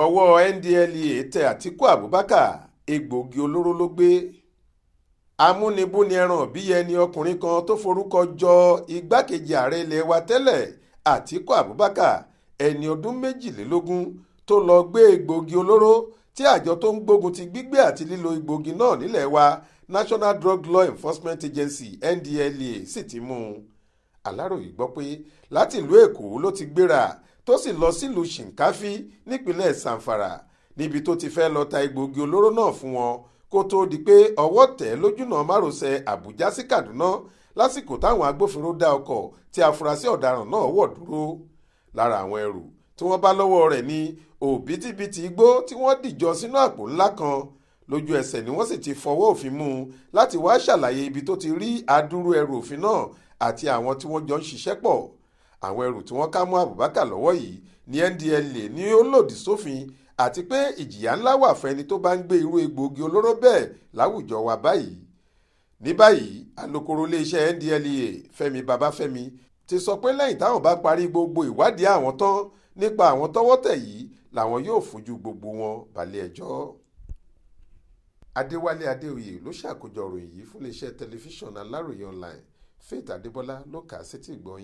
ọwọ́ ndlea tẹ àtìkú abubakar egbòogi olóró ló gbé amúnibúni ẹran bíi ẹni ọkùnrin kan tó forúkọ jọ igbákejì ààrẹ ilẹ̀ wa tẹ́lẹ̀ àtìkú abubakar ẹni ọdún méjìlélógún tó lọ gbé egbòogi olóró tí àjọ tó ń gbógun ti gbígbé àti lílo egbòogi náà nílẹ̀ wa National Drug Law Enforcement Agency NDLEA sì ti mú un Aláròyé gbọ́ pé láti ìlú Èkó ló ti gbéra tó sì lọ sílùú Shinkafi nípínlẹ̀ Samfara níbi tó ti fẹ́ lọ ta egbòogi olóró náà fún wọn kó tóó di pé ọwọ́ tẹ̀ lójúnà márosẹ̀ Àbújá sí Kaduna lásìkò táwọn agbófinró dá ọkọ̀ tí afurasí ọ̀daràn náà wọ̀ dúró lára àwọn ẹrù tí wọ́n bá lọ́wọ́ rẹ̀ ní òbítíbitì igbó tí wọ́n dìjọ sínú àpò ńlá kan lójú ẹsẹ̀ ni wọ́n sì ti fọwọ́ òfin mú un láti wá ṣàlàyé ibi tó ti rí adúrú ẹrù òfin náà àti àwọn tí wọ́n jọ ń ṣiṣẹ́ pọ̀ àwọn ẹrù tí wọ́n ká mọ́ Abubakar lọ́wọ́ yìí ní NDLEA ní ó lòdì sófin àti pé ìjìyà ńlá wà fún ẹni tó bá ń gbé irú egbòogi olóró bẹ́ẹ̀ láwùjọ wa báyìí ní báyìí alukoro iléeṣẹ́ NDLEA Fẹ́mi Babáfẹ́mi ti sọ pé lẹ́yìn táwọn bá parí gbogbo ìwádìí àwọn tán nípa àwọn tọ́wọ́ tẹ̀ yìí làwọn yóò fojú gbogbo wọn balẹ̀-ẹjọ́ Adéwálé Adéoyè ló ṣàkójọ ìròyìn yìí fún iléeṣẹ́ tẹlifíṣàn Aláròye online Faith Adébọ́lá ló kà á sétí ìgbọ́